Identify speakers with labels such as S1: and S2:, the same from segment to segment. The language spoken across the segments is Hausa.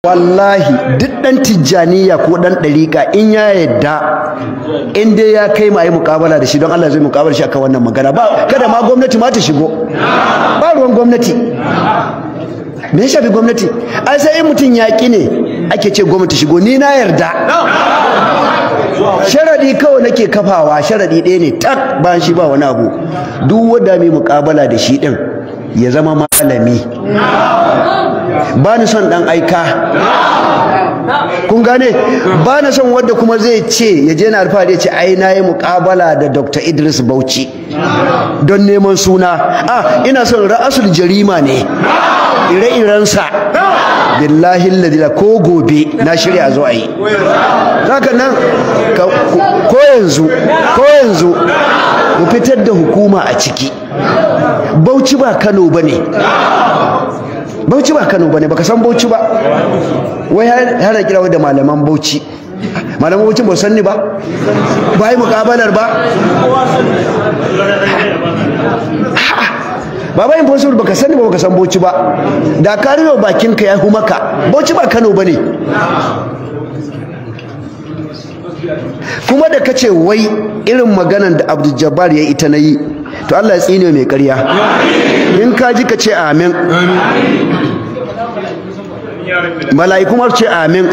S1: wallahi duk dan tijjaniya ko dan ɗariƙa in ya yadda in dai ya kai ma yi mukabala da shi don Allah zai mukabala shi akan wannan magana ba kada ma gwamnati ma ta shigo ba ruwan gwamnati me ya shafi gwamnati ai sai in mutum yaƙi ne ake ce gwamnati shigo ni na yarda sharadi kawai nake kafawa sharadi ɗaya ne tak ba shi ba wani abu duk wanda mai mukabala da shi din ya zama malami ba ni son dan aika kun gane ba ni son wanda kuma zai ce ya je na alfahari ya ce ai na yi muƙabala da dr idris bauchi don neman suna ah ina son ra'asul jarima ne ire-irensa billahi la ko gobe na shirya zo a zaka nan ko yanzu ko yanzu mu fitar da hukuma a ciki bauchi ba kano bane bauchi ba kano bane baka san bauchi ba wai har da kira da malaman bauchi malaman bauchi ba san ni ba ba yi mukabalar ba baba in fosfor baka ni ba baka san bauchi ba da ka bakin ka ya hu maka bauchi ba kano bane kuma da kace wai irin maganan da abdul jabbar yayi ita nayi to Allah ya tsine mai ƙarya in ka ji ka ce amin mala'iku ma ce amin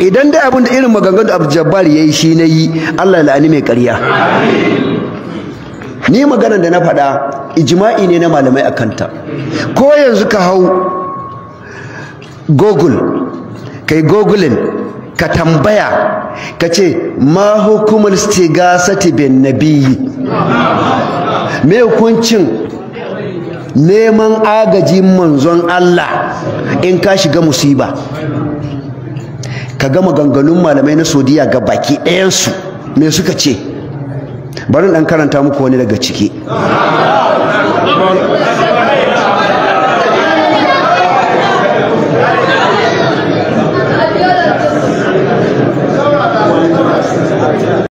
S1: idan dai abinda da irin abu da ya yi shi na yi Allah la'ani mai karya. ni maganar da na faɗa ijma'i ne na malamai a kanta ko yanzu ka hau google kai googling ka tambaya ka ce ma hukumar stigasati bin nabi me hukuncin neman agajin manzon Allah in ka shiga musiba ka gama ganganun malamai na sodiya ga baki ɗayansu me suka ce bari ɗan karanta muku wani daga ciki